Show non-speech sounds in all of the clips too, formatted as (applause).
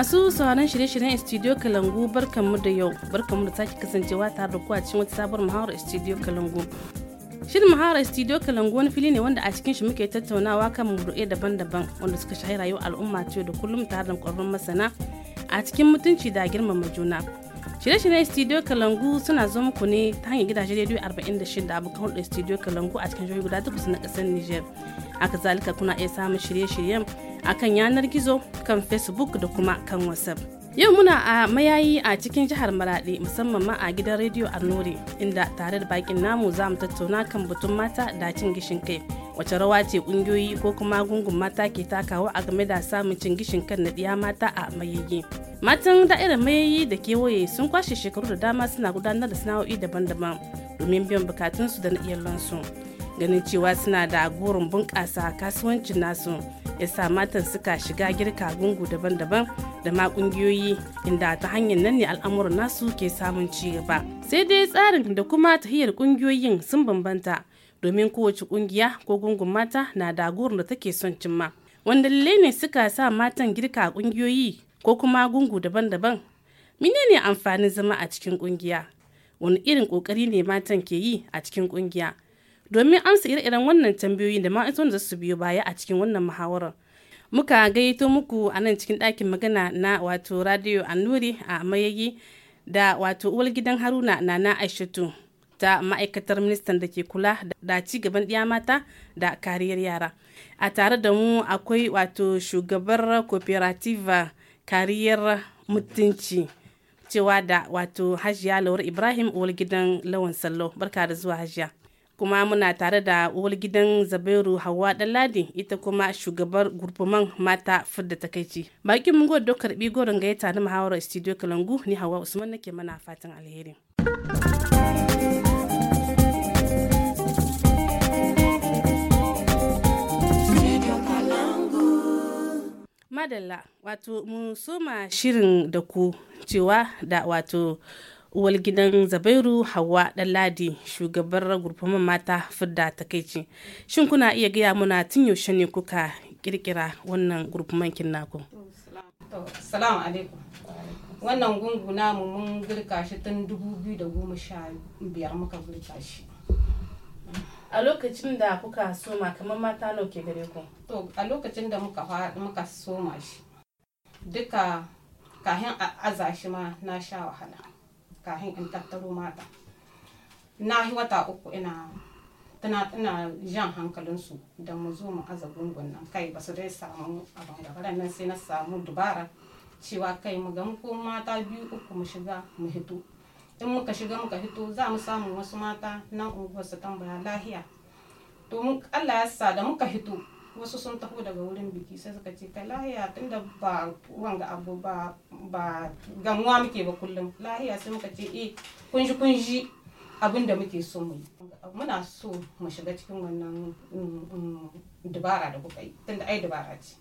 masu sauraron shirye-shiryen studio kalangu barkanmu da yau barkanmu da sake kasancewa tare da ku a cikin wata sabuwar muhawar studio kalangu shirin muhawar studio kalangu wani fili ne wanda a cikin shi muke tattaunawa kan murɗe daban-daban wanda suka shahi rayuwar al'umma ce da kullum tare da ƙwararrun masana a cikin mutunci da girmama juna shirye-shiryen studio kalangu suna zo muku ne ta hanyar gidajen rediyo 46 abokan hulɗar studio kalangu a cikin jihohi guda takwas na ƙasar niger haka zalika kuna iya samun shirye-shiryen a kan yanar gizo kan facebook da kuma kan whatsapp yau muna a mayayi a cikin jihar maradi musamman ma a gidan rediyo nore inda tare da bakin namu za mu tattauna kan batun mata da cin gishin kai wace rawa ce kungiyoyi ko kuma gungun mata ke takawa a game da samun cin gishin kan na ɗiya mata a mayayi matan da'irar mayayi da kewaye sun kwashe shekaru da dama suna gudanar da sana'o'i daban-daban domin biyan bukatunsu da na iyalansu ganin cewa suna da burin bunƙasa kasuwancin nasu ya sa matan suka shiga girka gungu daban-daban da ma ƙungiyoyi inda ta hanyar nan ne al'amuran nasu ke samun ci gaba sai dai tsarin da kuma tahiyar ƙungiyoyin sun bambanta domin kowace ƙungiya ko gungun mata na da gurin da take son cimma wanda lalle ne suka sa matan girka ƙungiyoyi ko kuma gungu daban-daban menene amfanin zama a cikin ƙungiya wani irin ƙoƙari ne matan ke yi a cikin ƙungiya domin amsa ire-iren wannan tambayoyin da ma'aikatan da su biyo baya a cikin wannan muhawarar muka gayyato muku a nan cikin ɗakin magana na wato radio annuri a mayayi da wato uwar gidan haruna nana aishatu ta ma'aikatar ministan da ke kula da ci gaban ɗiya mata da kariyar yara a tare da mu akwai wato shugabar cooperative kariyar mutunci cewa da wato hajiya lawar ibrahim uwar gidan lawan sallo barka da zuwa hajiya kuma muna tare da uwar gidan zabairu hawa ɗanladi ita kuma shugabar gurfuman mata fidda takaici bakin mun gwada karbi goron gayata na muhawarar studio kalangu ni hawa usman nake mana fatan alheri madalla wato mu soma shirin da ku cewa da wato uwar gidan zabairu hawa ɗanladi shugabar gurfaman mata fidda takaici shin kuna iya gaya muna tun yaushe ne kuka kirkira wannan gurfaman kinnaku salamu alaikum wannan gungu mu mun girka shi tun 2015 muka girka shi a lokacin da kuka soma kamar mata nawa ke gare ku to a lokacin da muka muka soma shi duka kahin a aza shi ma na sha wahala kahin in tattaro mata na yi wata uku ina tana tana jan hankalinsu da mu zo mu aza gungun nan kai ba su dai samu abin bara nan sai na samu dubara cewa kai mu ga ko mata biyu uku mu shiga mu hito in muka shiga muka hito za mu samu wasu mata nan unguwar su tambaya lahiya to mun Allah ya sa da muka hito wasu sun taho daga wurin biki sai suka ce ka lahiya tunda ba wanga abu ba ba gamuwa muke ba kullum lahiya sai muka ce eh kunji kunji abin da muke so mu muna so mu shiga cikin wannan mm, mm, dubara da kuka yi tunda ai dubara ce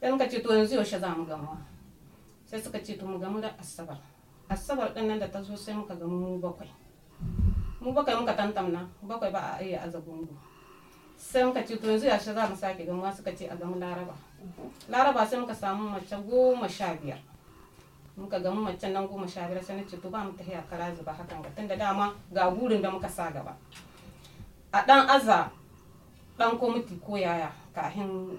sai muka ce to yanzu yaushe za mu gamuwa sai suka ce to mu gamu da asabar asabar din nan da ta zo sai muka gamu mu bakwai mu bakwai muka tantamna bakwai ba a iya azagungu sai muka ce to yanzu yaushe za mu sake gamuwa suka ce a gamu laraba laraba sai muka samu mace goma sha biyar muka gamu mace nan goma sha biyar sai na ce to ba mu tafiya kara zuba hakan ga tunda dama ga burin da muka sa gaba a dan aza dan komiti ko yaya kahin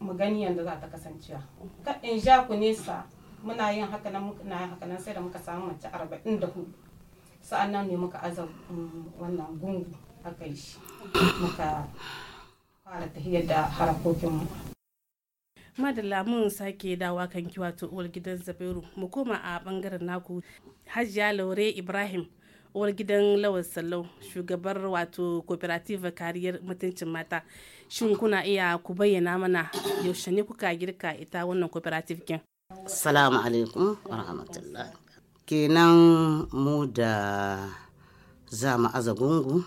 mu gani yanda za ta kasance ka in ja ku nesa muna yin haka nan muna yin haka nan sai da muka samu mace arba'in da hudu sa'an nan ne muka aza mm, wannan gungu akan shi fara da harakokinmu madalla mun sake dawa kan wato uwar gidan zabiru mu koma a bangaren naku hajiya laure ibrahim uwar gidan lawar sallau shugabar wato cooperative kariyar mutuncin mata shin kuna iya ku bayyana mana yaushe ne kuka girka ita wannan cooperative kin salamu alaikum rahmatullah kenan mu da zama azagungu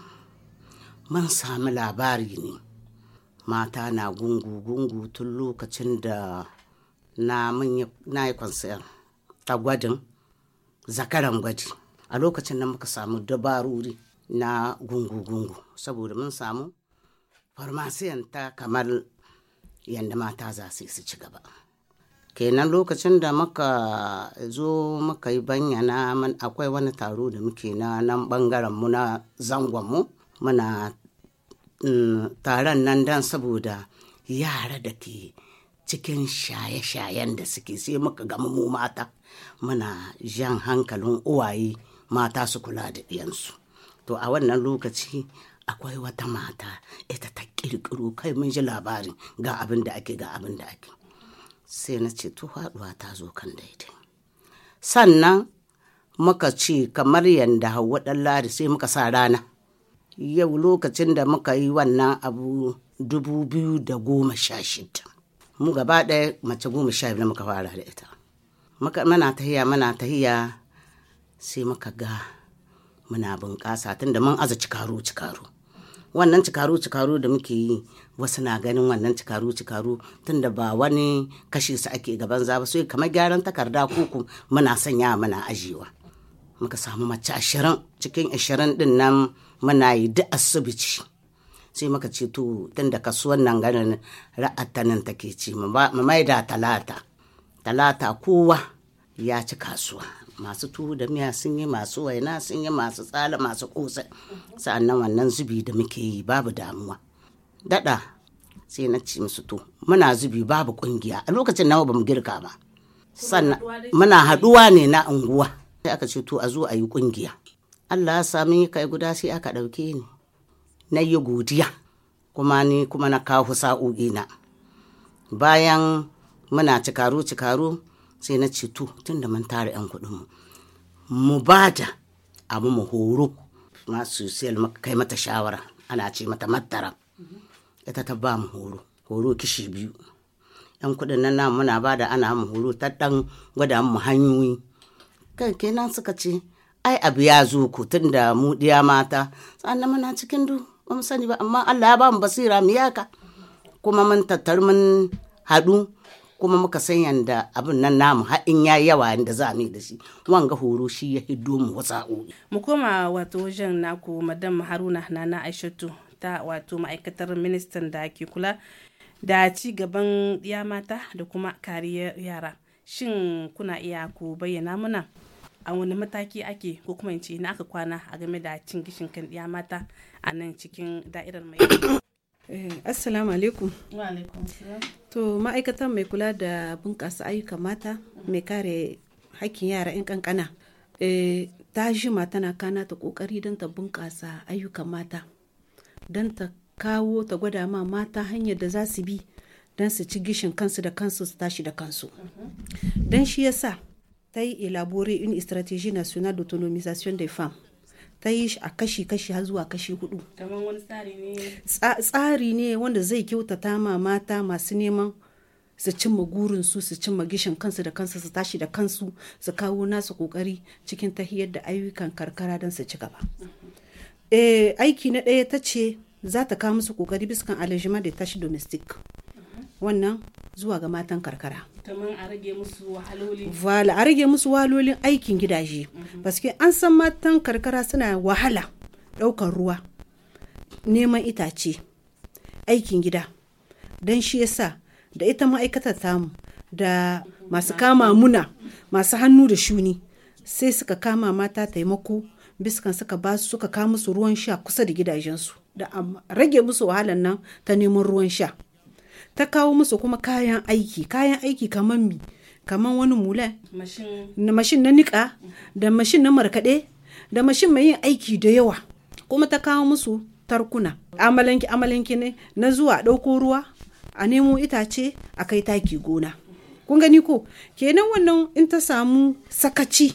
mun sami labari ne mata na gungu-gungu tun lokacin da na yi kwansiyar a gwajin zakaran gwaji a lokacin da muka samu dabaruri na gungu-gungu saboda mun samu farmasiyan ta kamar yadda mata za su su ci gaba kenan lokacin da muka zo muka yi banyana akwai wani taro da muke na nan bangaren mu na mu muna Eh, taron nan dan saboda yara da ke cikin shaye-shayen da suke sai muka gama mu mata muna jan hankalin uwaye mata su kula da ɗiyansu to a wannan lokaci akwai wata mata ita ta kirkiro kai mun ji labarin ga abin da ake ga abin da ake sai na ce to haɗuwa ta zo kan daidai sannan muka ce kamar yadda hauwa ɗan lari sai muka sa rana yau lokacin da muka yi wannan abu dubu biyu da goma sha shida mu gaba ɗaya mace goma sha biyu muka fara da ita mana tahiya mana tahiya sai muka ga muna bunƙasa tunda mun aza cikaro cikaro wannan cikaru cikaru da muke yi wasu na ganin wannan cikaru cikaru tunda ba wani kashe su ake gaban za ba sai kamar gyaran takarda ko muna sanya muna ajiyewa muka samu mace ashirin cikin ashirin din nan muna yi duk asibiti sai maka ce to tun da kasuwan nan ganin ra'atanin take ce mu da talata talata kowa ya ci kasuwa masu tuwo da miya sun yi masu waina sun yi masu tsala masu kosa sa'annan wannan zubi da muke yi babu damuwa dada sai na ci musu to muna zubi babu kungiya a lokacin nawa bamu girka ba sannan muna haduwa ne na unguwa sai aka ce to a zo a yi kungiya Allah ya sami kai guda sai aka ɗauke ni na yi godiya kuma ni kuma na kawo sa'o'i na bayan muna cikaru cikaru sai na ce tun da mun tara yan kuɗin mu ba da abu mu horo masu siyar kai mata shawara ana ce mata mattara ita ta ba mu horo horo kishi biyu yan kuɗin nan na muna ba da ana mu horo ta ɗan gwada mu hanyoyi kai kenan suka ce ai abu ya zo ku tun da mu ɗiya mata sannan muna cikin du ba mu sani ba amma Allah ya ba mu basira mu yaka kuma mun tattar mun haɗu kuma muka san yanda abin nan namu haɗin ya yawa yanda za mu da shi wanga horo shi ya hiddo mu wasa'o'i. mu koma wato wajen naku madam haruna nana aishatu ta wato ma'aikatar ministan da ke kula da ci gaban ya mata da kuma kariyar yara shin kuna iya ku bayyana muna a wani mataki ake ko kuma ce na aka kwana a game da cin gishin kan ya mata a nan cikin da'irar mai (coughs) eh, assalamu alaikum to ma'aikatan mai kula da bunƙasa ayyukan mata mai kare hakkin yara 'yan kankana eh, ta jima tana kana ta ƙoƙari don ta bunƙasa ayyukan mata don ta kawo ta gwada ma mata hanyar da za su bi don su ci gishin kansu da kansu su tashi da kansu mhm. don shi yasa sa ta yi in une stratégie nationale d'autonomisation des femmes ta yi a kashi-kashi har zuwa kashi hudu. Tsari ne wanda zai kyautata ma mata masu neman su cimma gurinsu su cimma gishin kansu da kansu su tashi da kansu su kawo nasu kokari cikin tahiyar da ayyukan karkara don su ci gaba. Eh, aiki na ɗaya ta ce za ta kawo musu kokari biskan alejima da tashi domestic. wannan zuwa ga matan karkara a rage musu wahalolin aikin gidaje baske mhm. an san matan karkara suna wahala ɗaukar ruwa neman itace aikin gida don shi yasa da ita ma'aikatar tamu da masu kama muna masu hannu da shuni sai suka kama mata taimako biskan suka ba su suka kama su ruwan sha kusa da gidajensu da rage musu wahalan nan ta neman ruwan sha ta kawo musu kuma kayan aiki kayan aiki kamar mi kamar wani mulan mashin na niƙa da mashin na markaɗe da mashin mai yin aiki da yawa kuma ta kawo musu tarkuna amalanki amalanki ne na zuwa ɗauko ruwa a nemo itace a kai taki gona kun gani ko kenan wannan in ta samu sakaci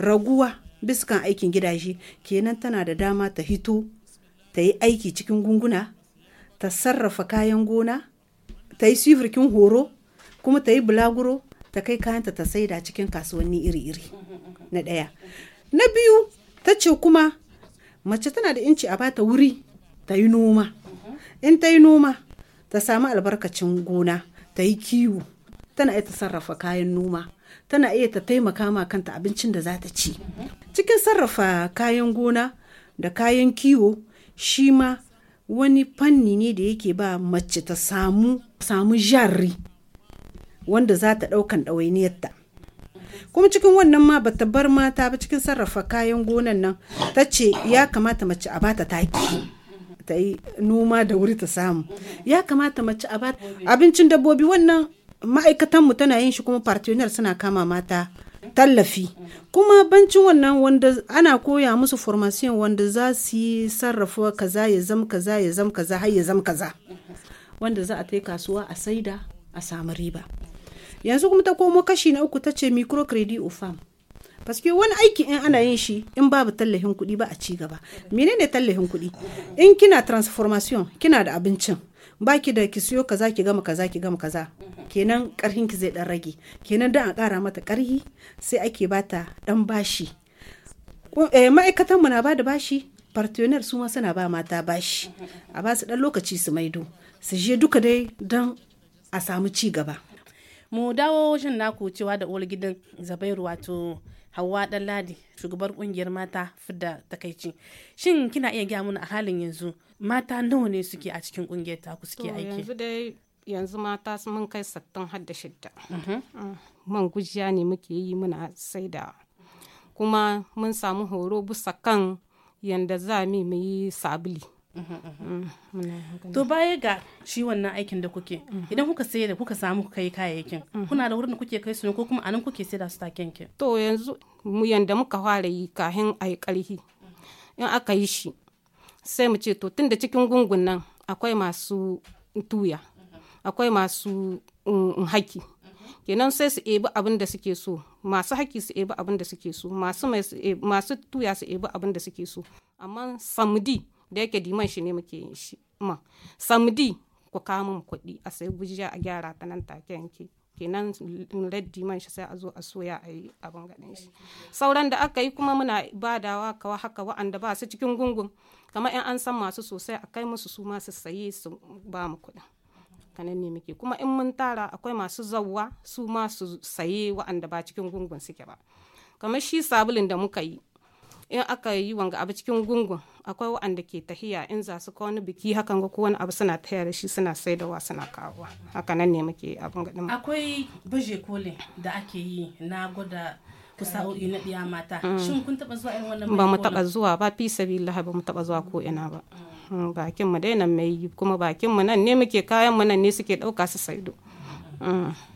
raguwa biskan aikin gidaje kenan tana da dama ta hito ta yi aiki cikin gunguna ta sarrafa kayan gona ta yi sifirkin horo kuma ta yi bulaguro ta kai kayanta ta saida cikin kasuwanni iri-iri na ɗaya na biyu ta ce kuma mace tana da inci a bata wuri ta yi noma in ta yi noma ta samu albarkacin gona ta yi kiwo tana iya ta sarrafa kayan noma tana iya ta taimaka ma kanta abincin da za ta ci cikin sarrafa kayan gona da kayan kiwo shi ma wani fanni ne da yake ba mace ta samu samu jarri wanda za ta ɗaukan ɗawainiyarta kuma cikin wannan ma ba ta bar mata ba cikin sarrafa kayan gonan nan ta ce ya kamata mace a bata taki ta yi noma da wuri ta samu ya kamata mace a bata abincin dabbobi wannan ma'aikatanmu tana yin shi kuma partner suna kama mata tallafi kuma bancin wannan wanda ana koya musu formation wanda za su yi sarrafa kaza ya zam kaza ya zam kaza har ya zam kaza wanda za a kai kasuwa a saida a samu riba yanzu kuma ta komo kashi na uku ta ce microcredit of farm paske wani aiki in ana yin shi in babu tallafin kuɗi ba a ci gaba menene tallafin kuɗi in kina transformation kina da abincin baki da ki siyo kaza ki gama kaza ki gama kaza kenan karhin ki zai dan rage kenan dan a kara mata karhi sai ake bata dan bashi eh, ma'aikatan mu na bada bashi partner su ma suna ba mata bashi a ba su dan lokaci su maido su je duka dai dan a samu ci gaba mu dawo wajen naku cewa da uwar gidan zabairu wato Hauwa Ɗanladi shugabar kungiyar mata fidda takaici. Shin kina iya gaya mana a halin yanzu mata nawa ne suke a cikin kungiyar ku suke aiki? Yanzu dai yanzu mata mun kai sattin har da shidda. Mhm. Mm, man gujiya ne muke yi muna sai da Kuma mun samu horo bisa kan yanda za mu yi sabili. to baya ga shi wannan aikin da kuke idan kuka sai da kuka samu kuka yi kayayyakin kuna da wurin da kuke kai su ne ko kuma anan kuke sai da su taken ki to yanzu mu yanda muka fara yi kahin a yi karhi in aka yi shi sai mu ce to tun da cikin gungun nan akwai masu tuya akwai masu um, um, haki kenan sai su ebi abin da suke so masu haki su ebi abin da suke so masu e, tuya su ebi abin da suke so amma samudi da yake diman shi ne muke yin shi ma samdi ku kawo min kuɗi a sai gujiya a gyara ta nan take yanke kenan laddi diman shi sai a zo a soya a yi abin gaɗin shi sauran da aka yi kuma muna badawa kawa haka wa'anda ba su cikin gungun kamar yan an san masu sosai a kai musu su masu saye su ba mu kuɗin kanan ne muke kuma in mun tara akwai masu zawwa su masu saye wa'anda ba cikin gungun suke ba kamar shi sabulin da muka yi in aka yi wanga abu cikin gungun akwai waɗanda ke tahiya in za su wani biki hakan ga ko wani abu suna tahiya da shi suna saidawa suna kawowa haka nan ne muke abin gadin akwai baje kole da ake yi na gwada kusa'o'i na ɗiya mata mm. shin kun taɓa zuwa irin wannan ba mu taɓa zuwa ba fi sabilillah ba mu taɓa zuwa ko ina ba mm. Mm, bakin mu daina mai yi kuma bakin mu nan ne muke kayan mu nan ne suke ɗauka su saido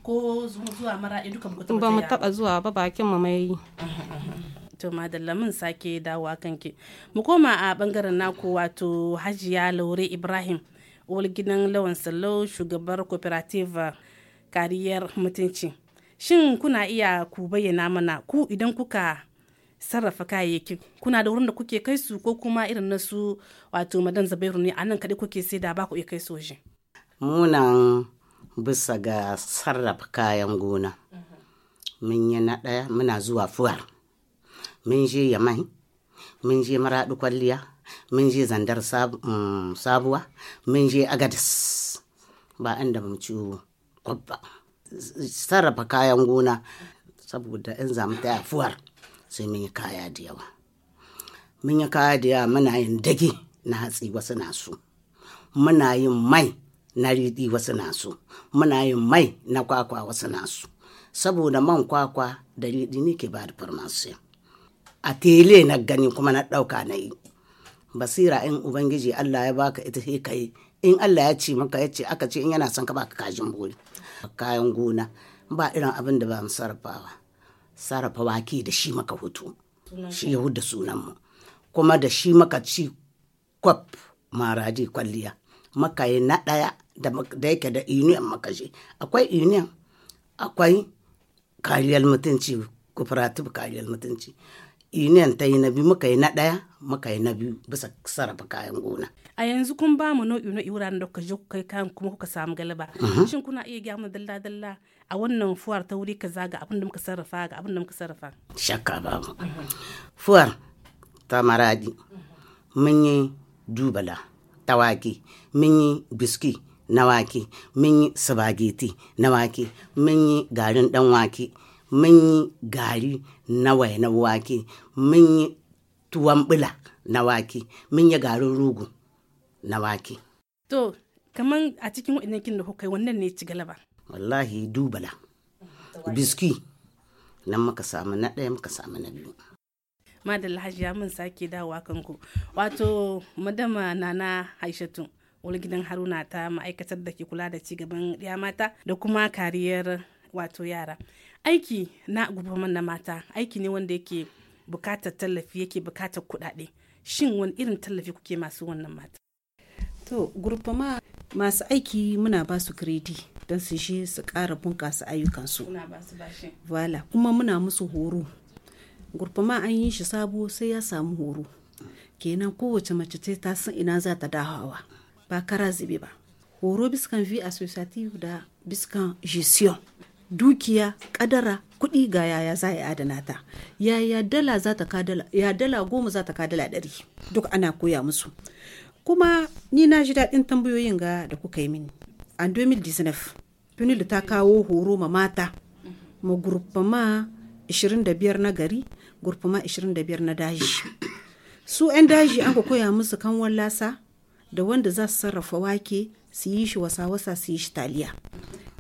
ko zuwa mara duka ba mu taba zuwa ba bakin mu mai yi mm-hmm, mm-hmm. to madalla mun sake dawowa kanki mu koma a bangaren naku wato hajiya laure ibrahim uwar gidan lawan sallo shugabar cooperative eh, kariyar mutunci shin kuna iya ku bayyana mana ku idan kuka sarrafa kayayyakin kuna da wurin da kuke kai su ko kuma irin na su wato madan zabairu ne a nan kaɗai kuke sai da baku ku iya kai su waje munan bisa ga sarrafa kayan gona mhm. mun yi na ɗaya muna zuwa fuwar mun je yamai mun je maraɗi kwalliya mun je zandar mm, sabuwa mun je agadis ba inda da ci kwabba sarrafa kayan gona saboda in zamu ta fuwar sai mun yi kaya da yawa mun yi kaya da yawa muna yin dage na hatsi wasu na su muna yin mai na riɗi wasu na su muna yin mai na kwakwa wasu na su saboda man kwakwa da riɗi ne ke ba da farmasiya a tele na gani kuma na ɗauka na yi basira in ubangiji allah ya baka ita sai ka in allah ya ce maka ya ce aka ce in yana son ka baka kajin boli kayan gona ba irin abin da ba mu sarrafawa sarrafa wake da shi maka hutu shi ya huda sunanmu kuma da shi maka ci kwaf maraji kwalliya yi na ɗaya da yake da union je akwai union akwai kariyar mutunci cooperative kariyar mutunci union ta yi na biyu muka yi na ɗaya muka yi na biyu bisa sarrafa kayan gona a yanzu kun ba mu nau'i nau'i wuraren da kuka je kuka kai kayan kuma kuka samu galaba mhm. shin kuna iya gyara mana dalla dalla a wannan fuwar ta wuri kaza ga abin da muka sarrafa ga abin da muka sarrafa shakka mu mhm. fuwar ta maradi mun yi dubala ta wake mun yi biski na wake mun yi sabageti na wake mun yi garin dan wake mun yi gari na na wake mun yi tuwon bula na wake mun yi garin rugu na wake to kamar a cikin waɗannan da kuka yi wannan ne ci galaba wallahi dubala biski nan muka samu na ɗaya muka samu na biyu hajiya mun sake dawowa kanku wato madama nana haishatu wani haruna ta ma'aikatar da ke kula da cigaban ya mata da kuma kariyar wato yara aiki na gubaman na mata aiki ne wanda yake bukatar tallafi yake bukatar kudade shin wani irin tallafi kuke masu wannan mata to masu aiki muna ba su kredi don su shi su kara bunƙasa ayyukansu wala kuma muna musu horo gurfama an yi shi sabo sai ya samu horo kenan kowace mace ta ta san ina za ta dawowa ba kara zube ba horo biskan vi associative da biskan gestion dukiya kadara kuɗi ga yaya za a adana ta yaya dala za ta kadala ya dala goma za ta kadala ɗari duk ana koya musu kuma ni na ji daɗin tambayoyin ga da kuka yi mini a 2019 punilu ta kawo horo ma mata ma ma 25 na gari ma 25 na daji su 'yan daji an koya musu kan lasa da wanda za su sarrafa wake su yi shi wasa-wasa su yi shi taliya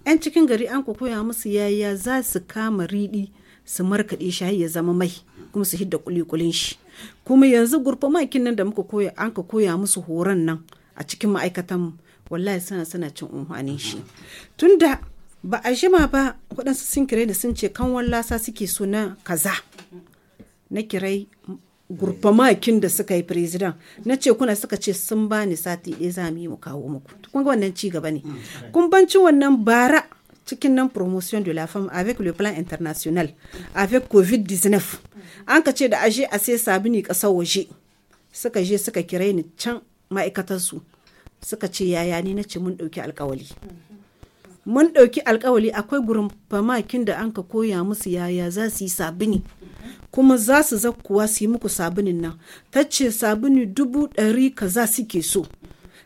'yan cikin gari an ku koya musu yaya za su kama riɗi su markaɗe shi ya zama mai kuma su hidda kulikulin shi kuma yanzu gurfa makin nan da muka koya an ka koya musu horon nan a cikin ma'aikatan mu wallahi suna suna cin unhwanin shi tunda ba a jima ba waɗansu sun kirai da sun ce kan wallasa suke so na kaza na kirai gurfamakin da suka yi firizidan na ce kuna suka ce sun ba ni sati ɗaya za mu yi mu kawo muku kun ga wannan cigaba gaba ne mm, kumbancin wannan bara cikin nan promotion de la femme avec le plan international avec covid 19 an ka ce da aje a sai ni ƙasar waje suka je suka kira ni can ma'aikatarsu suka ce yaya ni na ce mun ɗauki alkawali mm. mun ɗauki alkawali akwai gurin famakin da anka koya musu yaya za su yi sabini kuma za su zakkuwa su yi muku sabinin nan ta ce sabini dubu ɗari kaza suke so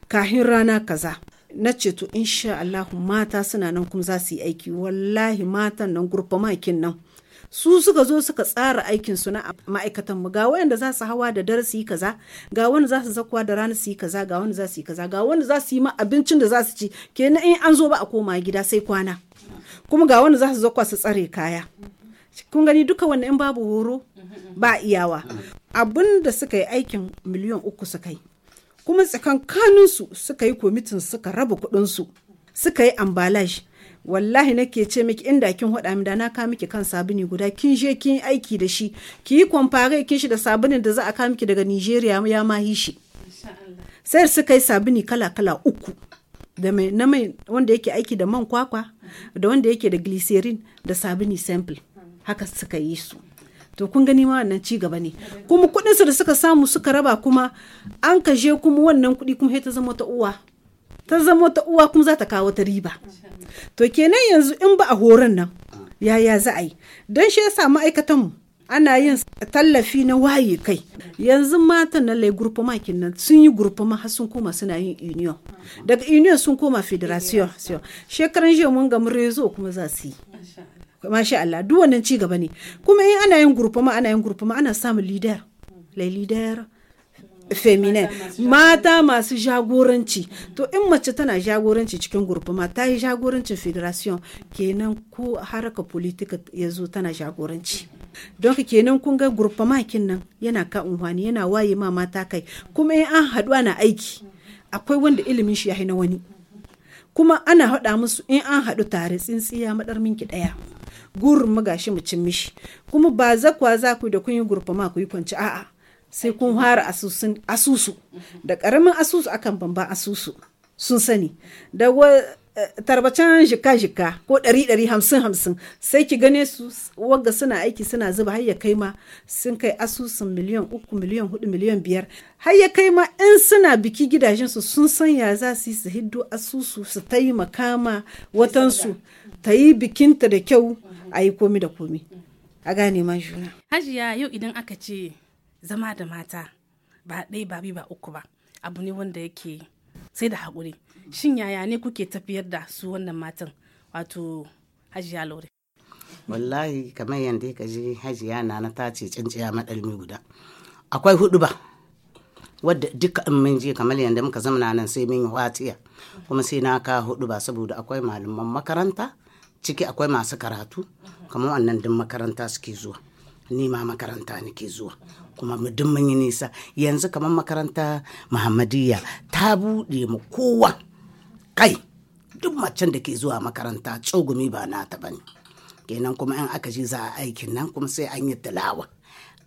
kahin rana kaza na ce to insha Allah mata suna nan kuma za su yi aiki wallahi matan nan gurfamakin nan su suka zo suka tsara aikin su na ma'aikatan mu ga wanda za su hawa da dare su yi kaza ga wanda za su zakuwa da rana su yi kaza ga wanda za su yi kaza ga wanda za su yi ma abincin da za su ci kenan in an zo ba a koma gida sai kwana kuma ga wanda za su zakuwa su tsare kaya kun gani duka wannan in babu horo ba iyawa abin da suka yi aikin miliyan uku suka yi kuma su suka yi kwamitin suka raba Su suka yi ambalashi wallahi nake ce miki inda kin hoda min da na ka miki kan sabuni guda kin je kin aiki da shi ki yi kwamfare kin shi da sabunin da za a ka miki daga Nigeria ya ma yi shi sai suka yi sabuni kala kala uku da mai na mai wanda yake aiki da man kwakwa da wanda yake da glycerin da sabuni simple haka suka yi su to kun gani ma wannan ci gaba ne kuma su da suka samu suka raba kuma an kaje kuma wannan kudi kuma ta zama ta uwa ta zama ta uwa kuma za ta kawo ta riba to kenan yanzu in ba a horon nan yaya za a yi don shi yasa mu ana yin tallafi na waye kai yanzu matan na lai gurfa makin nan sun yi gurfa ma sun koma suna yin union daga union sun koma federation shekaran jiya mun ga rezo kuma za su yi masha Allah duk wannan ci gaba ne kuma in ana yin gurfa ma ana yin gurfa ma ana samun leader lai leader feminin mata masu jagoranci to in mace tana jagoranci cikin gurfuma mata yi jagorancin federation kenan ko haraka politika ya zo tana jagoranci don kenan kun ga makin nan yana ka unhwani yana waye ma mata kai kuma in an haɗu ana aiki akwai wanda ilimin shi ya na wani kuma ana haɗa musu in an haɗu tare tsintsiya maɗar minki ɗaya gurin magashi mu cin mishi kuma ba zakwa za ku da kun yi gurfama ku yi kwanci a'a sai kun fara asusu da karamin asusu akan bamban asusu sun sani da eh, tarbacin shika shika ko ɗari ɗari hamsin hamsin sai ki gane su wagga suna aiki suna zuba har ya kai ma sun kai asusun miliyan uku miliyan hudu miliyan biyar har ya kai ma in suna biki gidajensu sun san ya za su yi su hiddo asusu su ta yi makama watansu ta yi bikinta da kyau a yi komi da komi a gane ma juna hajiya yau idan aka ce zama da mata ba ɗaya ba biyu ba uku ba abu ne wanda yake sai da haƙuri shin yaya ne kuke tafiyar da su wannan matan wato hajiya laure wallahi kamar yadda ka ji hajiya na na ta ce tsinciya maɗalmi guda akwai hudu ba wadda duka in mun je kamar yadda muka zamana nan sai mun yi watiya kuma sai na ka hudu ba saboda akwai malaman makaranta ciki akwai masu karatu kamar wannan din makaranta suke zuwa ni ma makaranta nake zuwa kuma mu duk mun yi nisa yanzu kamar makaranta muhammadiyya ta buɗe mu kowa kai duk macen da ke zuwa makaranta tsogumi ba nata bane kenan kuma in aka ji za a aikin nan kuma sai an yi tilawa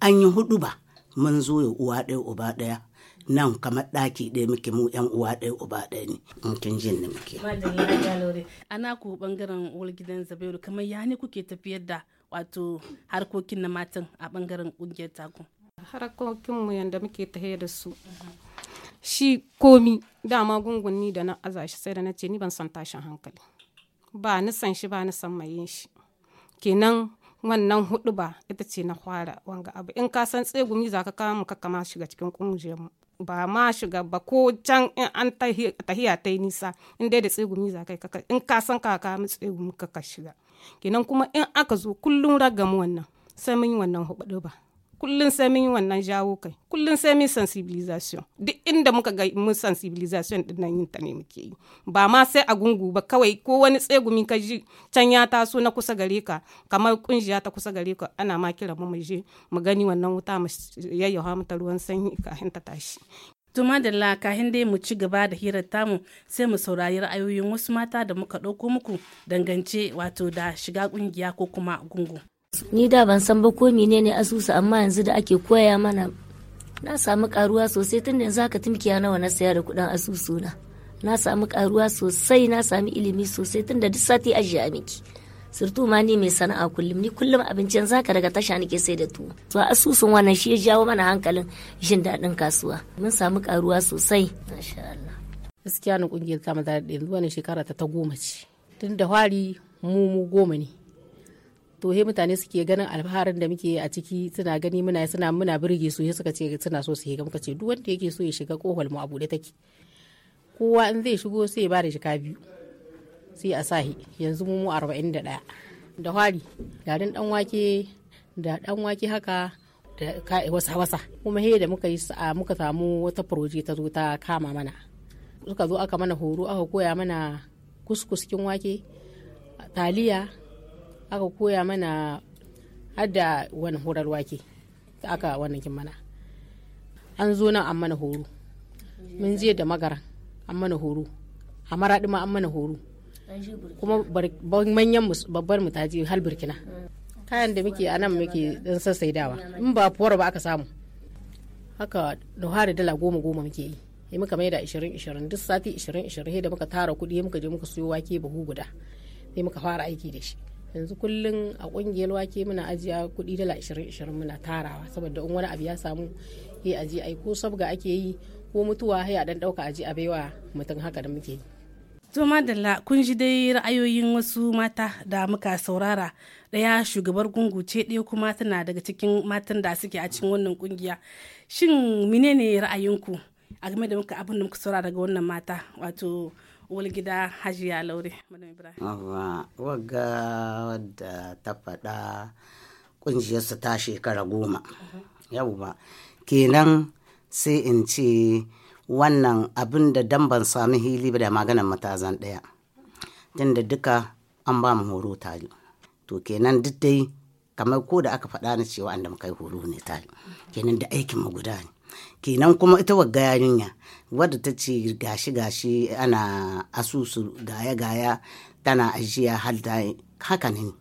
an yi hudu ba mun zo ya uwa ɗaya uba ɗaya nan kamar ɗaki ɗaya muke mu yan uwa ɗaya uba ɗaya ne in kin jin ni muke. ana ku bangaren gidan zabairu kamar ya ne kuke tafiyar da wato harkokin na matan a bangaren ƙungiyar taku. harakokinmu yadda muke tahe da su shi komi dama gungunni da na aza sai da na ce ni ban san tashin hankali ba ni san shi ba ni san mai shi kenan wannan hudu ba ita ce na fara wanga abu in ka san tsegumi za ka kama ka kama shiga cikin kunje mu ba ma shiga ba ko can in an tahiya ta yi nisa in dai da tsegumi za ka yi kaka in ka san ka kawo tsegumi ka shiga kenan kuma in aka zo kullum ragamu wannan sai mun yi wannan hudu ba kullum sai mun yi wannan jawo kai kullum sai mun sensibilisation duk inda muka ga mun sensibilisation din nan yin ta ne muke yi ba ma sai a gungu ba kawai ko wani tsegumi ka ji can ya taso na kusa gare ka kamar kungiya ta kusa gare ka ana ma kira mu mu je mu gani wannan wuta mu yayyawa mata ruwan sanyi kafin ta tashi tuma da lakahin dai mu ci gaba da hirar tamu sai mu saurari ra'ayoyin wasu mata da muka ɗauko muku dangance wato da shiga ƙungiya ko kuma gungu. ni da ban san ba ko ne asusu amma yanzu da ake koya mana na samu karuwa sosai tun yanzu haka tumkiya nawa na sayar da kuɗin asusu na na samu karuwa sosai na sami ilimi sosai tun da duk sati ajiya miki surtu ma ni mai sana'a kullum ni kullum abincin zaka daga tasha nake sai da tuwo to asusun wannan shi ya jawo mana hankalin jin daɗin kasuwa mun samu karuwa sosai masha Allah gaskiya na kungiyar kama da yanzu wannan shekara ta ta goma ce tun da fari mu mu goma ne to he mutane suke ganin alfaharin da muke a ciki suna gani muna suna muna birge su suka ce suna so su shiga muka ce duk wanda yake so ya shiga kohol mu a bude take kowa in zai shigo sai ya bada shika biyu sai a sahi yanzu mu mu 41 da hwari garin dan wake da dan wake haka da wasa wasa kuma he da muka yi muka samu wata proje ta zo ta kama mana suka zo aka mana horo aka koya mana kuskuskin wake taliya aka koya mana hada wani horar wake aka wannan kin mana an zo nan an mana horo mun je da magara an mana horo a maraɗi ma an mana horo kuma manyan babbar mu ta je hal burkina kayan da muke anan muke dan sassaidawa in ba fuwar ba aka samu haka da dala goma goma muke yi ya muka mai da ishirin ishirin duk sati ishirin ishirin da muka tara kudi muka je muka siyo wake buhu guda sai muka fara aiki da shi yanzu kullum a kungiyar wake muna ajiya kuɗi dala 20-20 muna tarawa saboda in wani abu ya samu ya aji ai ko sabga ake yi ko mutuwa ya dan ɗauka aji a baiwa mutum haka da muke yi. to madalla kun ji dai ra'ayoyin wasu mata da muka saurara ɗaya shugabar gungu ce ɗaya kuma tana daga cikin matan da suke a cikin wannan kungiya shin menene ra'ayinku a game da muka abin da muka saurara daga wannan mata wato gida hajiya laure madam ibrahim wadda ta faɗa kungiyarsa ta shekara goma ba mhm. kenan sai in ce wannan abin da dan ban sami hili ba da maganar matazan ɗaya da duka an ba mu horo tali to kenan duk dai kamar ko da aka faɗa na cewa an da muka yi horo ne tali mhm. kenan da aikin mu guda ne kenan kuma ita wagga yarinya wadda ta ce gashi gashi ana asusu gaya gaya tana ajiya har da haka ne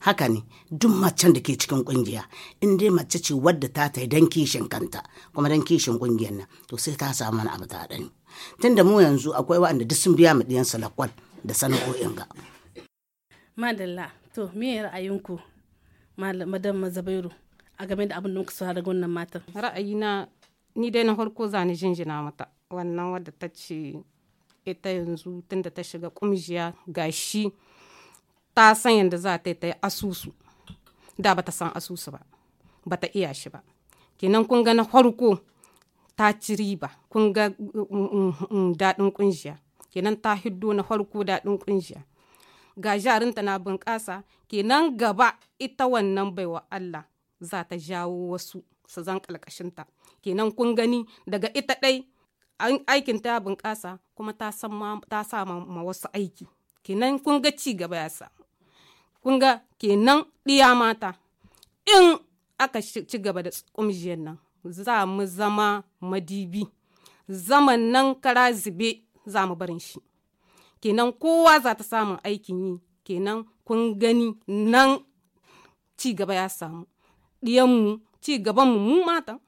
haka ne duk macen da ke cikin kungiya in dai mace ce wadda ta ta dan kishin kanta kuma dan kishin kungiyar nan to sai ta samu wani abu ta dani tunda mu yanzu akwai wanda duk sun biya mu diyan salakwal da sana'o'in ga madalla to me ra'ayinku madam mazabairu a game da abin da muka sa daga wannan matan ra'ayina ni dai na farko za ni jinjina mata wannan wadda ta ce ita yanzu tunda ta shiga kumjiya gashi ta san yadda za ta yi ta yi asusu da bata san asusu ba bata iya shi ba kenan kun ga na farko ta ci riba kun ga mm, mm, mm, daɗin kunjiya kenan ta hiddo na farko daɗin ƙunjiya ga jarinta na bunƙasa kenan gaba ita wannan baiwa Allah za ta jawo wasu su zan ƙalƙashinta kenan kun gani daga ita ɗai aikin ta bunƙasa kuma ta sa ma wasu aiki kenan kun ga ci gaba ya sa kun ga kenan ɗiya mata in aka ci gaba da ƙumjiyar nan za mu zama madibi zaman nan kara zube za mu barin shi kenan kowa za ta samun aikin yi kenan kun gani nan ci gaba ya samu ɗiyanmu ci gabanmu mu matan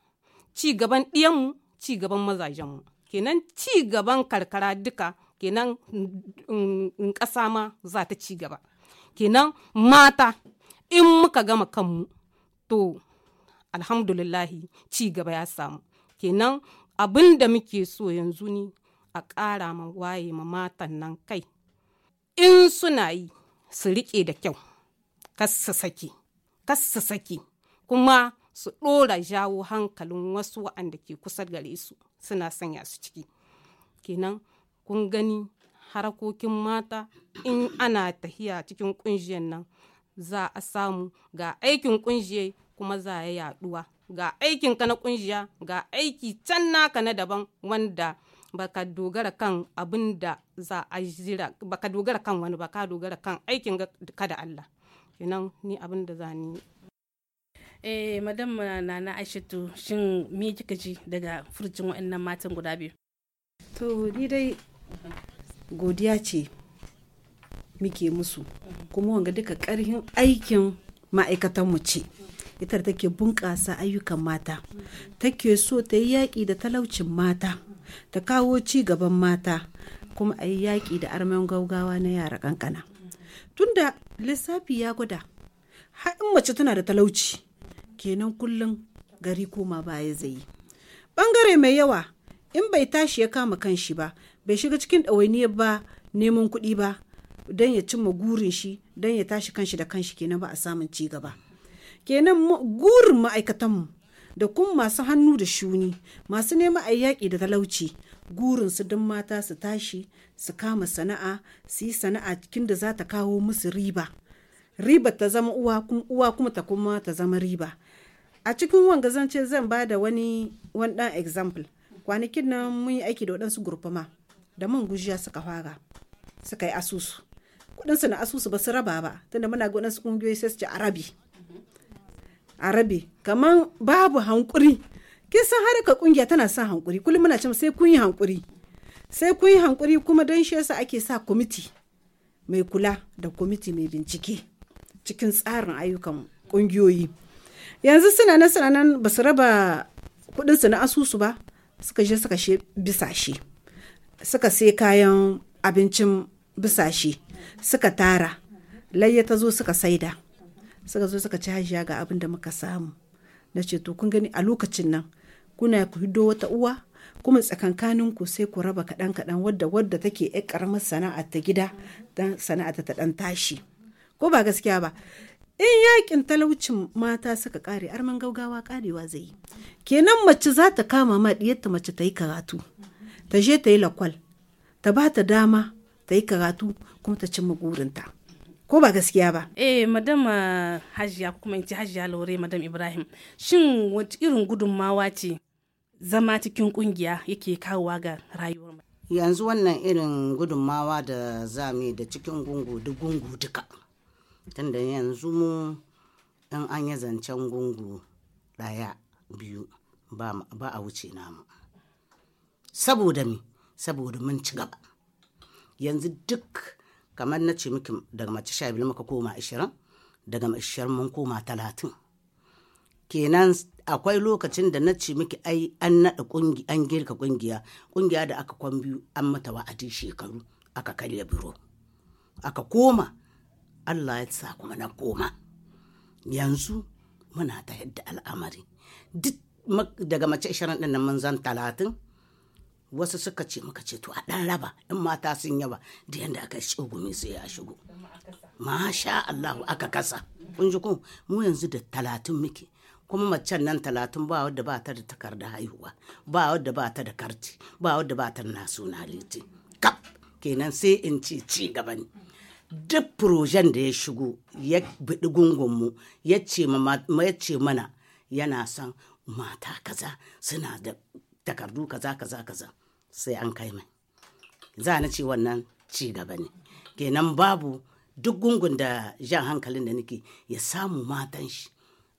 ci gaban ɗiyanmu ci gaban mazajenmu kenan ci gaban karkara duka kenan mm, mm, ƙasa ma za ta ci gaba kenan mata in muka gama kanmu to alhamdulillahi ci gaba ya samu kenan abin da muke so yanzu ni a ƙara ma waye ma matan nan kai in suna yi su riƙe da kyau kas su sake kas su sake kuma su ɗora jawo hankalin wasu waɗanda ke kusa gare su suna sanya su ciki kenan kun gani harakokin mata in ana tahiya cikin ƙungiyar nan za a samu ga aikin ƙungiyar kuma za a yaɗuwa ga aikin ka na ƙungiya ga aiki can naka na daban wanda baka dogara kan abin da za a jira baka dogara kan wani baka dogara kan aikin ka da Allah kenan ni abin da za ni eh madam uh, nana aishatu shin me kika ji daga furcin waɗannan matan guda biyu to ni dai godiya ce muke musu kuma wanga duka karhin aikin ma'aikatan mu ce ita take bunƙasa ayyukan mata take so ta yi yaƙi da talaucin mata ta kawo ci gaban mata kuma a yi yaƙi da armen gaugawa na yara ƙanƙana tunda lissafi ya gwada har mace tana da talauci kenan kullum gari koma baya zai yi bangare mai yawa in bai tashi ya kama kanshi ba bai shiga cikin ɗawainiyar ba neman kuɗi ba don ya cimma gurin shi don ya tashi kanshi da kanshi kenan ba a samun ci gaba kenan gurin ma'aikatanmu da kuma masu hannu da shuni masu neman a yaƙi da talauci gurin su don mata su tashi su kama sana'a su yi sana'a cikin da za ta kawo musu riba riba ta zama uwa uwa kuma ta kuma ta zama riba a cikin wanga zan ce zan ba da wani wani dan example kwanakin nan mun yi aiki da waɗansu gurfuma da man gujiya suka fara suka yi asusu kuɗinsu na asusu ba su raba ba tunda muna ga waɗansu ƙungiyoyi sai su ce arabi arabi kamar babu hankuri kin san ka ƙungiya tana son hankuri kullum muna cewa sai kun yi hankuri sai kun yi hankuri kuma don shi yasa ake sa kwamiti mai kula da kwamiti mai bincike cikin tsarin ayyukan ƙungiyoyi yanzu suna nan suna nan ba su raba kuɗinsu na asusu ba suka je suka she bisashe suka sai kayan abincin bisashe suka tara layya ta zo suka saida suka zo suka ci hajiya ga abin da muka samu na ce to kun gani a lokacin nan kuna ku hiddo wata uwa kuma tsakankanin ku sai ku raba kaɗan kaɗan wadda wadda take ƴar ƙaramar sana'a ta gida dan sana'a ta ɗan tashi ko ba gaskiya ba in yakin talaucin mata suka kare arman gaugawa karewa zai yi kenan mace za ta kama ma diyarta mace ta yi karatu ta je ta yi lakwal ta ba ta dama ta yi karatu kuma ta cimma gurinta ko ba gaskiya ba eh madam hajiya kuma in ci hajiya laure madam ibrahim shin irin gudunmawa ce zama cikin kungiya yake kawowa ga rayuwar yanzu wannan irin gudunmawa da zame da cikin gungu duk gungu duka tunda yanzu mu in an yi zancen gungu ɗaya biyu ba a wuce namu saboda mi saboda mun ci gaba yanzu duk kamar na ce miki daga mace sha biyu muka koma ashirin daga ashirin mun koma talatin kenan akwai lokacin da na ce miki ai an naɗa an girka ƙungiya ƙungiya da aka kwan biyu an mata wa'adin shekaru aka karya biro aka koma Allah ya sa kuma na koma yanzu muna ta yadda al'amari duk daga mace 20 ɗin mun zan talatin wasu suka ce muka ce to a ɗan raba in mata sun yaba da yadda aka tsugumi sai ya shigo masha Allah aka kasa kun ji ko mu yanzu da talatin muke kuma macen nan talatin ba wadda ba ta da takarda haihuwa ba wadda ba ta da karti ba wadda ba ta da nasunaliti kap kenan sai in ci ci gaba ne duk projen da ya shigo ya biɗi gungunmu ya ce mana yana son mata kaza suna da takardu kaza kaza kaza sai an kai mai za na ce wannan ci gaba ne kenan babu duk gungun da jan hankalin da nake ya samu matan shi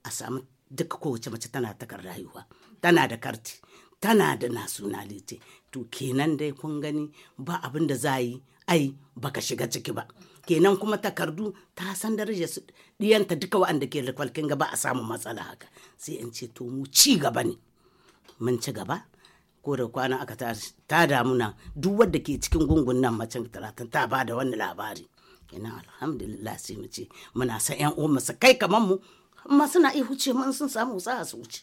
a samu duk kowace mace tana takar rayuwa tana da karti tana da nasunalite to kenan dai kun gani ba abin da za yi ai baka shiga ciki ba kenan kuma takardu ta san daraja su diyanta duka waɗanda ke rikwalkin gaba a samu matsala haka sai in ce to mu ci gaba ne mun ci gaba ko da kwana aka ta damu na duk wadda ke cikin gungun nan macen talatin ta ba da wani labari kenan alhamdulillah sai mu ce muna sa yan uwan su kai kaman mu amma suna ihu ce mun sun samu sa su wuce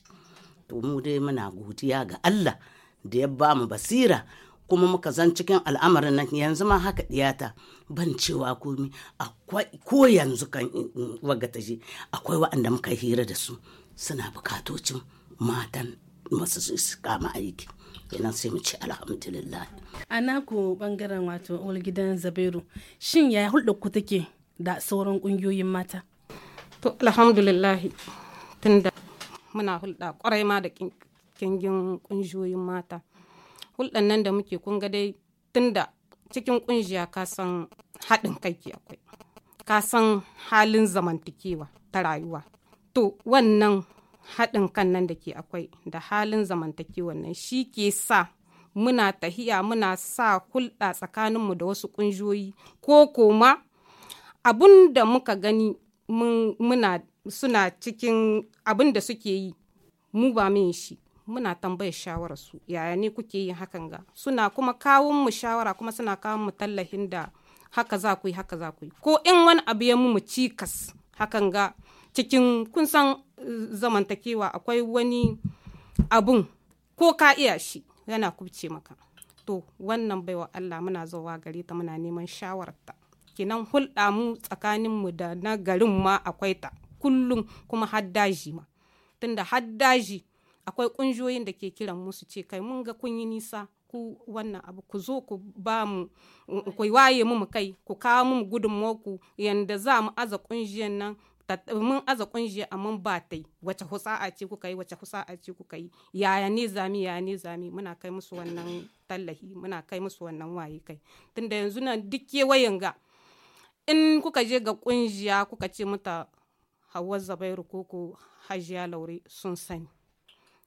to mu dai muna godiya ga Allah da ya ba mu basira kuma muka zan cikin al'amarin nan yanzu ma haka diyata ban cewa komi ko yanzu kan waga ta akwai waɗanda muka hira da su suna bukatocin matan masu su kama aiki kenan sai mu ci alhamdulillah a naku bangaren wato gidan zabiru shin ya hulɗa ku take da sauran ƙungiyoyin mata to alhamdulillah tunda muna hulɗa ƙwarai ma da kingin ƙungiyoyin mata hulɗan nan da muke kun dai tunda cikin kungiya ka san haɗin kai akwai ka san halin zamantakewa ta rayuwa to wannan haɗin kan nan da ke akwai da halin zamantakewa nan shi ke sa muna tahiya muna sa hulɗa tsakaninmu da wasu ƙungiyoyi ko koma abun da muka gani muna suna cikin abin da suke yi mu ba min shi muna tambayar shawarar su yaya ne kuke yin hakan ga suna kuma kawun mu shawara kuma suna kawun mu tallahin da haka za ku yi haka za ku yi ko in wani abu ya mu cikas hakan ga cikin kun san eh, zamantakewa akwai wani abun ko ka iya shi yana kubce maka to wannan baiwa Allah muna zuwa gare ta muna neman shawararta kinan hulɗa mu tsakanin mu da na garin ma akwai ta kullum kuma haddaji ma tunda haddaji akwai kunjoyin da ke kiran musu ce kai mun ga kun yi nisa ku wannan abu ku zo ku ba mu ku waye mu kai ku kawo mu gudunmoku yanda za mu aza kunjiyar nan mun aza kungiya amma ba ta yi wace husa'a ce kuka yi wace husa'a ce kuka yi yaya ne zami yaya ne zami muna kai musu wannan tallahi muna kai musu wannan waye kai tunda yanzu nan duk kewayen ga in kuka je ga kungiya kuka ce mata hawa zabairu ko hajiya laure sun sani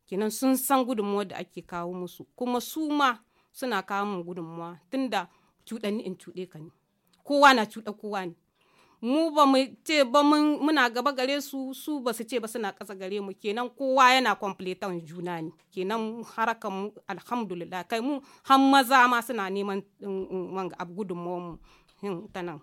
kenan sun san gudunmuwa da ake kawo musu kuma su ma suna kawo mu gudunmuwa tunda ni in cuɗe ka ne kowa na cuɗa kowa ne mu ba mu ce ba muna gaba gare su su ba su ce ba suna ƙasa gare mu kenan kowa yana kwamfletan juna ne kenan harakan mu alhamdulillah kai mu har maza ma suna neman mm, mm, wanga abu gudunmuwa mu hmm, ta nan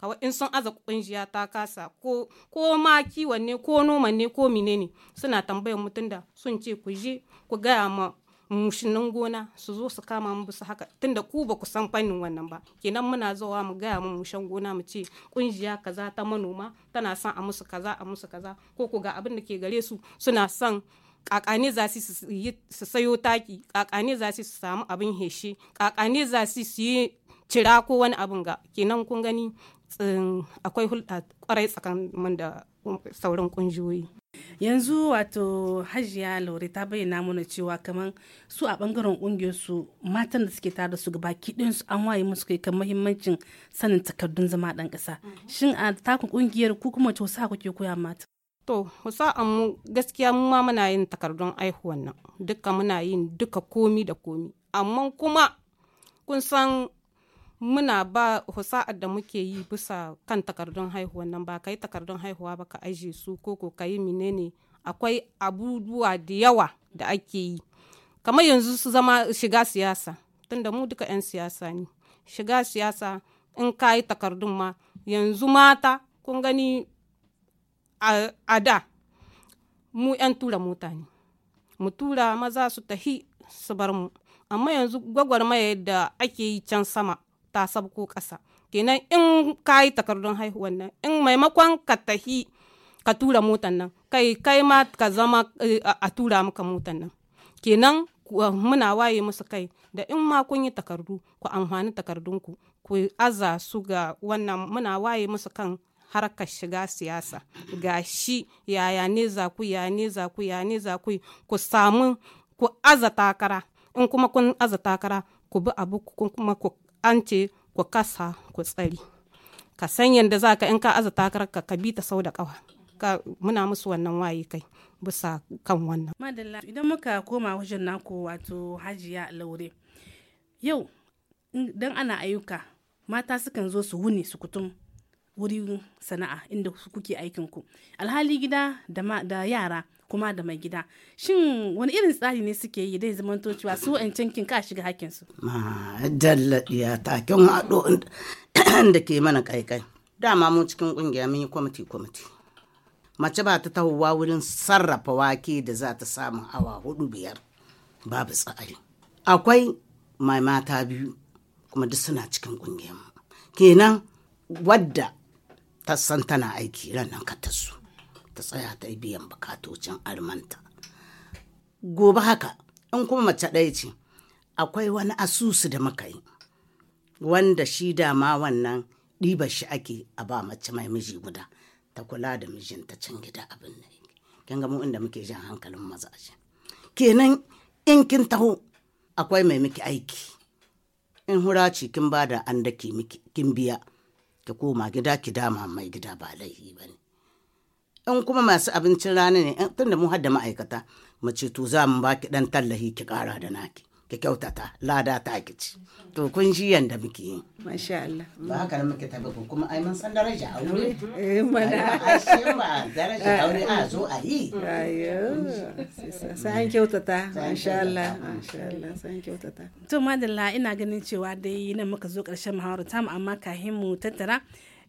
kawai in sun aza kungiya ta kasa ko ko ma kiwon ne ko noman ne ko mine ne suna tambayar mutum da sun ce ku je ku gaya ma mushinin gona su zo su kama mu bisa haka tunda ku ba ku san fannin wannan ba kenan muna zuwa mu gaya mu mushan gona mu ce kungiya kaza ta manoma tana son a musu kaza a musu kaza ko ku ga abin da ke gare su suna son kakane za su sayo taki kakane za su samu abin heshe kakane za su yi cira ko wani abun ga kenan kun gani akwai hulɗa kwarai tsakanin da sauran kungiyoyi yanzu wato hajiya laure ta bayyana mana cewa kamar su a bangaren ƙungiyar su matan da suke tare da su gaba kidin su an waye musu kai kan mahimmancin sanin takardun zama dan kasa mhm. shin a taku ƙungiyar ku kuma to sa kuke koya mata to sa mu gaskiya mu ma muna yin takardun aihuwan nan duka muna yin duka komi da komi amma kuma kun san muna ba husa'ar da muke yi bisa kan takardun haihuwa nan ba ka yi takardun haihuwa ba ka aje su ko ko ka yi menene akwai abubuwa da yawa da ake yi kamar yanzu su zama shiga siyasa tunda mu duka 'yan siyasa ne shiga siyasa in ka yi takardun ma yanzu mata kun gani a da mu 'yan tura mota ne mu tura maza su tahi su bar mu amma yanzu gwagwarmaya da ake yi can sama ta sabko ƙasa kenan in ka yi takardun haihuwan nan in maimakon ka tahi ka tura motan nan kai kai ma ka zama eh, a tura maka motan nan kenan eh, muna waye musu kai da in ma kun yi takardu ku amfani takardunku ku aza su ga wannan muna waye musu kan harkar shiga siyasa ga shi yaya ne za ku ya ne za ku ya ne za ku ku samu ku aza takara in kuma kun aza takara ku bi abu kuma ku an ce ku kasa ku tsari ka san yadda za ka in ka aza takararka ka bi ta sau da ƙawa muna musu wannan waye kai bisa kan wannan madalla idan muka koma wajen naku wato hajiya laure yau dan ana ayyuka mata sukan zo su wuni su kutum wurin sana'a inda kuke aikin ku alhali gida da yara kuma da mai gida shin wani irin tsari ne suke yi dai zamanto cewa su wa'ancan kin ka shiga hakkin su jalladiya takin haɗo (coughs) da ke mana kaikai dama mu cikin kungiya mun yi kwamiti kwamiti mace ba ta tahowa wurin sarrafa wake da za ta samu awa hudu biyar babu tsari akwai mai mata biyu kuma duk suna cikin kungiyar kenan wadda ta san tana aiki ran nan ka su ta tsaya ta yi biyan bukatocin armanta gobe haka in kuma mace ɗaya ce akwai wani asusu da muka yi wanda shi dama wannan ɗibar shi ake a ba mace mai miji guda ta kula da mijinta can gida abin nan kin ga mu inda muke jan hankalin mazaje kenan in kin taho akwai mai miki aiki in hura ce kin bada an da kin biya ki koma gida ki dama mai gida ba laifi bane in kuma masu abincin rana ne tunda mu hadda ma'aikata mu ce to za mu baki dan tallahi ki kara da naki ki kyautata lada ta ki ci to kun ji yanda muke yi masha Allah ba haka nan muke tabi kuma ai mun san daraja aure eh mana ba daraja aure a zo a yi ayo sai an kyautata masha Allah masha Allah san kyautata to madalla ina ganin cewa dai nan muka zo karshen muhawara mu amma kahin mu tattara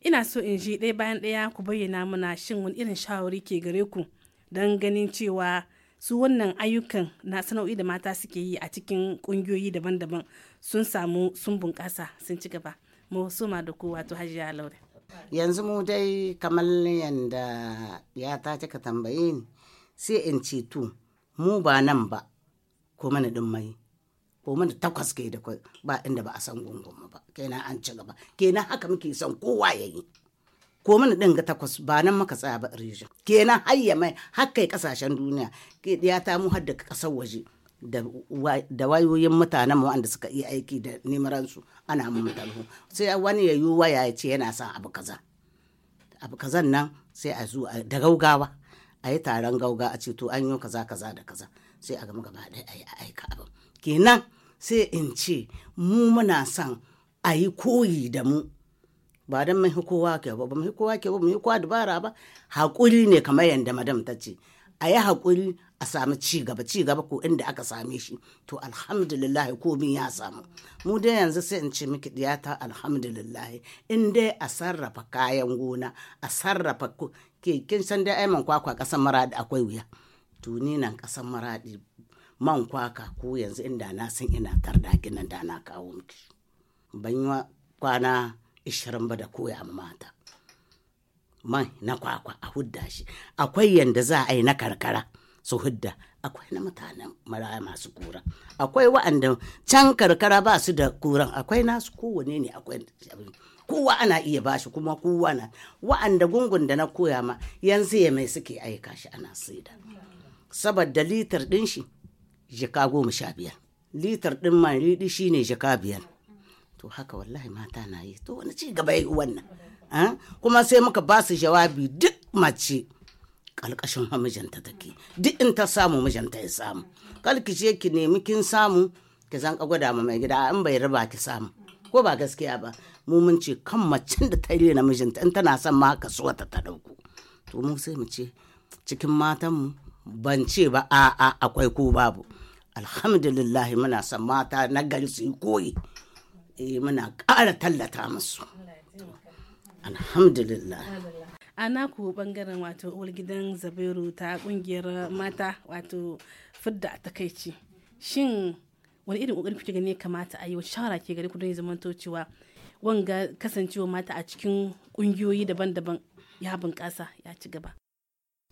ina so in ji ɗaya bayan ɗaya ku bayyana mana shin wani irin shawari ke gare ku don ganin cewa su wannan ayyukan na sana'o'i da mata suke yi a cikin ƙungiyoyi daban-daban sun samu sun bunƙasa sun ci gaba mu suma da ku wato hajiya laure yanzu mu dai kamar yanda ya ta cika tambaye ni sai in ce tu mu ba nan ba ko mana ɗin mai Ko da takwas ke da ba inda ba a san gungunmu ba kenan an ci gaba kenan haka muke son kowa ya yi komin din ga takwas ba nan maka tsaya ba rijin kenan hayya mai hakkai kasashen duniya ke ya ta mu har da kasar waje da wayoyin mutanen mu wanda suka yi aiki da su ana mu mutalhu sai wani ya yi waya ya ce yana son abu kaza abu kazan nan sai a zuwa da gaugawa a yi taron gauga a ce to an yi kaza kaza da kaza sai a gama gaba ɗaya a yi aika abin kenan sai in ce mu muna son a yi koyi da mu ba don mai kowa ke ba mai kowa ke ba mai kowa dubara ba haƙuri ne kamar yadda madam ta ce a yi haƙuri a samu ci gaba ci gaba ko inda aka same shi to alhamdulillah komi ya samu mu dai yanzu sai in ce miki diyata alhamdulillah in dai a sarrafa kayan gona a sarrafa ke kin san dai aiman kwakwa kasan maradi akwai wuya to ni nan kasan maradi man kwaka ko yanzu inda na san ina tarda ginin da na kawo miki ban yi kwana ishirin ba da koya mata man na kwakwa a hudda shi akwai yanda za a yi na karkara su hudda akwai na mutanen maraya masu kura akwai wa'anda can karkara ba su da kuran akwai nasu kowane ne akwai kowa ana iya bashi kuma kowa na wa'anda gungun da na koya ma yanzu ya mai suke aika shi ana saida saboda litar din shi jaka goma sha biyar litar ɗin man riɗi ne jaka biyar to haka wallahi mata na yi to wani ci gaba yi wannan ah? kuma sai muka ba su jawabi duk mace kalkashin mijinta take duk in ta samu mijinta ya samu kalkice ki nemi kin samu ki zan ka gwada ma mai gida in bai riba ki samu ko ba gaskiya ba mu mun ce kan macen da ta rena mijinta in tana son ma kasuwa ta ta dauko to mu sai mu ce cikin matan mu ban ce ba a'a akwai ko babu alhamdulillah muna son mata na gari su yi koyi eh, muna ƙara tallata musu alhamdulillah a naku bangaren wato gidan zabiru ta kungiyar mata wato fidda takaici shin wani irin kokarin kuke ne kamata a yi wa shawara ke gari kudin zaman cewa wanga kasancewa mata a cikin ƙungiyoyi daban-daban ya bunƙasa ya ci gaba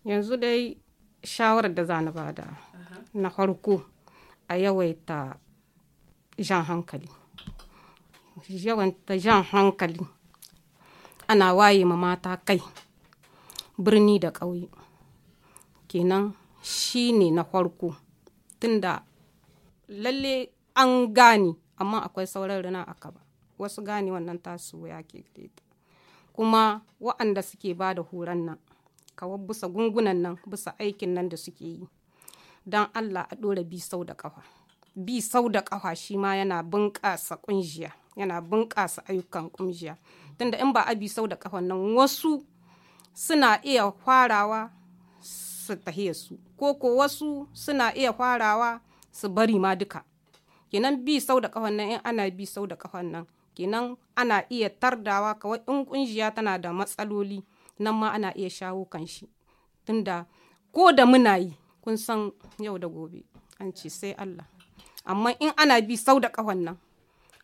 yanzu dai shawarar da za na bada na farko a yawaita jan hankali yawanta jan hankali ana waye ma mata kai birni da ƙauye kenan shi ne na farko tunda lalle an gane amma akwai sauran na a kaba wasu gane wannan tasu ya ke kuma waɗanda suke ba da horon nan kawai bisa gungunan nan bisa aikin nan da suke yi don allah a ɗora bi sau da ƙafa bi sau da ƙafa shi ma yana bunƙasa ƙungiya yana bunƙasa ayyukan ƙungiya tunda in ba a bi sau da ƙafa nan wasu suna iya farawa su tahiya su ko ko wasu suna iya farawa su bari ma duka kenan bi sau da ƙafan nan in ana bi sau da ƙafan nan kenan ana iya tardawa kawai in ƙungiya tana da matsaloli nan ma ana iya shawo kan shi tunda ko da muna yi kun san yau da gobe an ce sai Allah amma in ana bi sau da ƙahon nan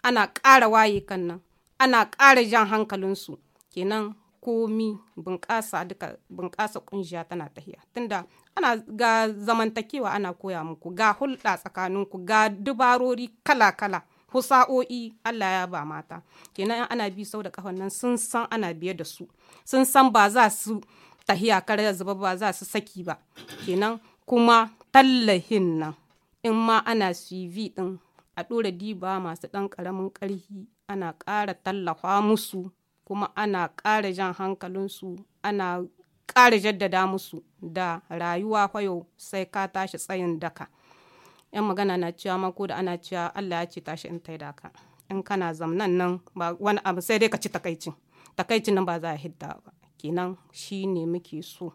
ana ƙara waye kan nan ana ƙara jan hankalinsu kenan komi bunƙasa duka bunƙasa ƙungiya tana tahiya tunda ana ga zamantakewa ana koya muku ga hulɗa tsakaninku ga dubarori kala-kala husa'o'i Allah ya ba mata kenan ana bi sau da ƙahon nan sun san ana biye da su sun san ba za su tahiya kar zuba ba za su saki ba kenan kuma tallahin nan in ma ana CV din a ɗora diba masu ɗan ƙaramin ƙarfi ana ƙara tallafa musu kuma ana ƙara jan hankalinsu ana ƙara jaddada musu da rayuwa kwayo sai ka tashi tsayin daka yan magana na cewa mako da ana cewa allah ya ce tashi in tai daka in kana zamnan nan ba wani abu sai dai ka ci takaicin takaicin nan ba za a hidda ba kenan shi ne muke so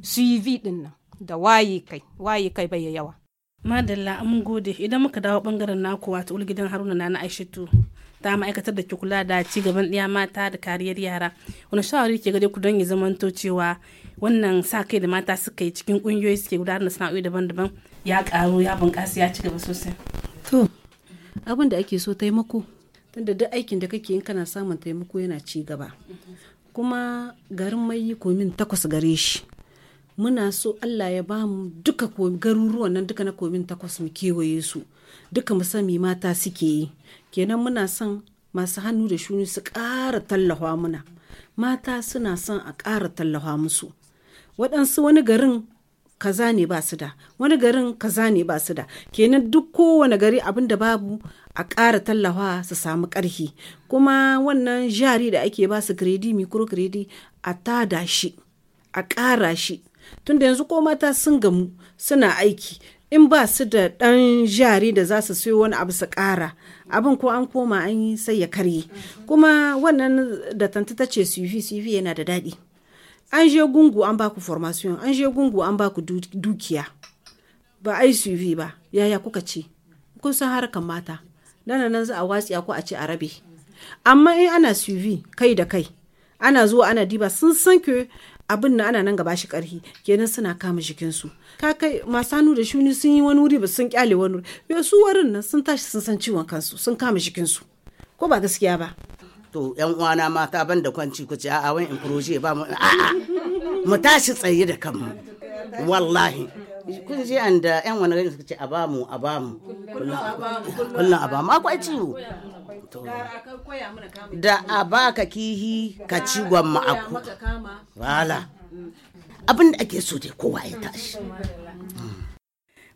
cv din nan da waye kai waye kai bai yawa madalla mun gode idan muka dawo bangaren naku wato ulgidan haruna na na aishatu ta ma'aikatar da ke kula da ci gaban ɗaya mata da kariyar yara wani shawari ke gare ku don ya zamanto cewa wannan sa kai da mata suka yi cikin ƙungiyoyi suke gudanar da sana'o'i daban-daban ya ƙaru ya bunƙasa ya ci gaba sosai to abin da ake so taimako tunda duk aikin da kake yin kana samun taimako yana ci gaba kuma garin mai komin takwas gare shi muna so Allah ya bamu duka garuruwan nan duka na komin takwas mu kewaye su duka mu mata suke yi kenan muna son masu hannu da shuni su ƙara tallafa muna mata suna son a ƙara tallafa musu waɗansu wani garin kaza ne ba su da wani garin kaza ne ba su da kenan duk kowane gari abin da babu a ƙara tallafa su samu ƙarfi kuma wannan jari da ake ba su kredi mikro kredi a tada shi a ƙara shi tun da yanzu ko mata sun gamu suna aiki in ba su da ɗan jari da za su sai wani abu su ƙara abin ko an koma an yi sai ya karye kuma wannan da tanti ta ce sufi sufi yana da daɗi an je gungu an baku formation an je gungu an baku dukiya ba ai sufi ba yaya kuka ce kun san harkar mata nan nan za a watsi ko a ce a rabe amma in ana sufi kai da kai ana zuwa ana diba sun san ke abin na ana nan gaba shi karhi kenan suna kama jikinsu ka kai masu da shuni sun yi wani wuri ba sun kyale wani wuri bai su warin nan sun tashi sun san ciwon kansu sun kama su ko ba gaskiya ba to yan uwana mata ban da kwanci ku ce a'a wani in ba mu a'a mu tashi tsaye da kanmu wallahi kun ji an da yan wani gani suka ce a ba mu a ba mu kullum a ba mu akwai ciwo da a ba ka kihi ka ci gwamma aku wala abin da ake so dai kowa ya tashi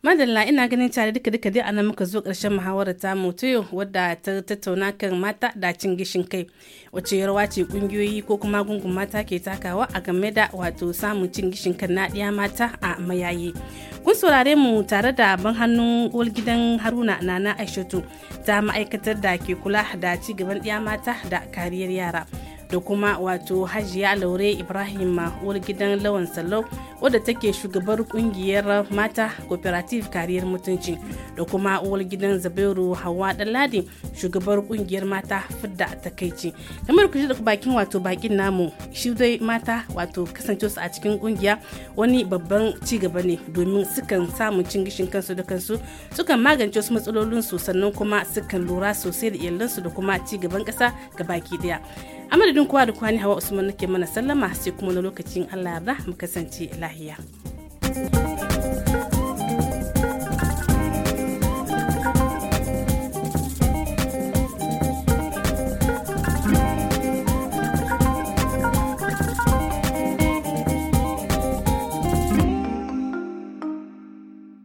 madalla ina ganin tare duka duka dai muka zo karshen muhawarar ta mutuyo wadda ta tattauna kan mata da cin gishin kai wace rawa ce kungiyoyi ko kuma gungun mata ke takawa a game da wato samun cin gishin kan na ɗiya mata a mayaye. kun saurare mu tare da ban hannun uwar gidan haruna nana aishatu ta ma'aikatar da ke kula da ci gaban ɗiya mata da kariyar yara da kuma wato hajiya laure ibrahim uwar gidan lawan sallau wadda take shugabar kungiyar mata cooperative kariyar mutunci da kuma uwar gidan zabairu hawa ɗanladi shugabar kungiyar mata fidda takaici kamar ku da bakin wato bakin namu shi dai mata wato kasance su a cikin kungiya wani babban ci gaba ne domin sukan samu cin gishin kansu da kansu sukan magance wasu su sannan kuma sukan lura sosai da iyalansu da kuma ci gaban kasa ga baki ɗaya a madadin kowa da kwani hawa usman nake mana sallama sai kuma na lokacin allah yarda mu kasance lafiya Bahía.